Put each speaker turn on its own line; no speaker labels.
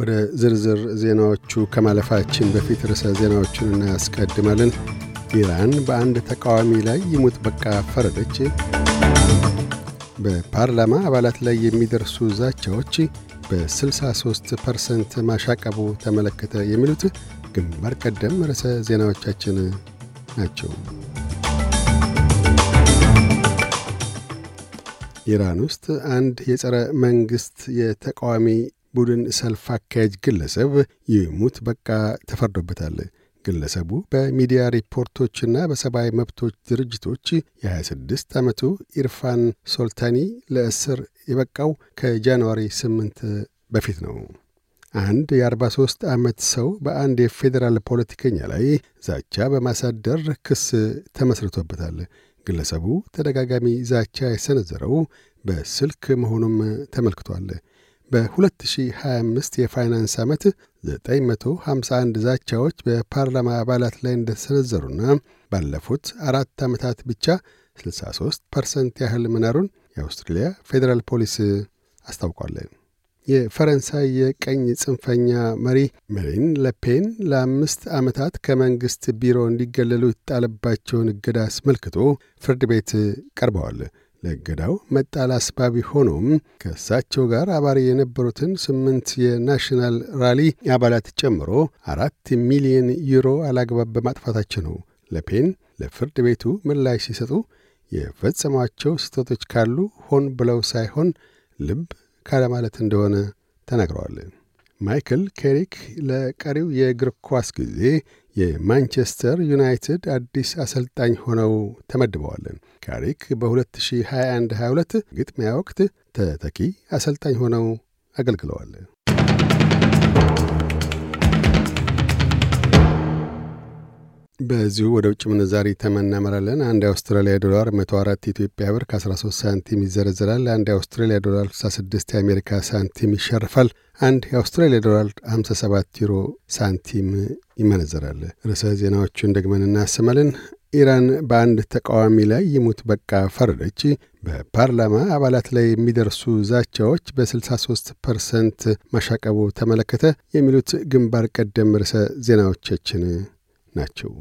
ወደ ዝርዝር ዜናዎቹ ከማለፋችን በፊት ርዕሰ ዜናዎቹን እናያስቀድማለን። ኢራን በአንድ ተቃዋሚ ላይ ይሙት በቃ ፈረደች። በፓርላማ አባላት ላይ የሚደርሱ ዛቻዎች በ63 ፐርሰንት ማሻቀቡ ተመለከተ። የሚሉት ግንባር ቀደም ርዕሰ ዜናዎቻችን ናቸው። ኢራን ውስጥ አንድ የጸረ መንግሥት የተቃዋሚ ቡድን ሰልፍ አካያጅ ግለሰብ ይሙት በቃ ተፈርዶበታል። ግለሰቡ በሚዲያ ሪፖርቶችና በሰብአዊ መብቶች ድርጅቶች የ26 ዓመቱ ኢርፋን ሶልታኒ ለእስር የበቃው ከጃንዋሪ 8 በፊት ነው። አንድ የ43 ዓመት ሰው በአንድ የፌዴራል ፖለቲከኛ ላይ ዛቻ በማሳደር ክስ ተመስርቶበታል። ግለሰቡ ተደጋጋሚ ዛቻ የሰነዘረው በስልክ መሆኑም ተመልክቷል። በ2025 የፋይናንስ ዓመት 951 ዛቻዎች በፓርላማ አባላት ላይ እንደተሰነዘሩና ባለፉት አራት ዓመታት ብቻ 63 ፐርሰንት ያህል መናሩን የአውስትሬልያ ፌዴራል ፖሊስ አስታውቋል። የፈረንሳይ የቀኝ ጽንፈኛ መሪ መሪን ለፔን ለአምስት ዓመታት ከመንግሥት ቢሮ እንዲገለሉ የተጣለባቸውን እገዳ አስመልክቶ ፍርድ ቤት ቀርበዋል። ለእገዳው መጣል አስባቢ ሆኖም ከእሳቸው ጋር አባሪ የነበሩትን ስምንት የናሽናል ራሊ አባላት ጨምሮ አራት ሚሊየን ዩሮ አላግባብ በማጥፋታቸው ነው። ለፔን ለፍርድ ቤቱ ምላሽ ሲሰጡ የፈጸሟቸው ስህተቶች ካሉ ሆን ብለው ሳይሆን ልብ ካለማለት እንደሆነ ተናግረዋል። ማይክል ኬሪክ ለቀሪው የእግር ኳስ ጊዜ የማንቸስተር ዩናይትድ አዲስ አሰልጣኝ ሆነው ተመድበዋል። ካሪክ በ2021-22 ግጥሚያ ወቅት ተተኪ አሰልጣኝ ሆነው አገልግለዋል። በዚሁ ወደ ውጭ ምንዛሪ ተመናመራለን። አንድ የአውስትራሊያ ዶላር 104 ኢትዮጵያ ብር ከ13 ሳንቲም ይዘረዝራል። አንድ የአውስትራሊያ ዶላር 66 የአሜሪካ ሳንቲም ይሸርፋል። አንድ የአውስትራሊያ ዶላር 57 ዩሮ ሳንቲም ይመነዘራል። ርዕሰ ዜናዎቹን ደግመን እናሰማለን። ኢራን በአንድ ተቃዋሚ ላይ ይሙት በቃ ፈረደች። በፓርላማ አባላት ላይ የሚደርሱ ዛቻዎች በ63 ፐርሰንት ማሻቀቡ ተመለከተ። የሚሉት ግንባር ቀደም ርዕሰ ዜናዎቻችን ናቸው።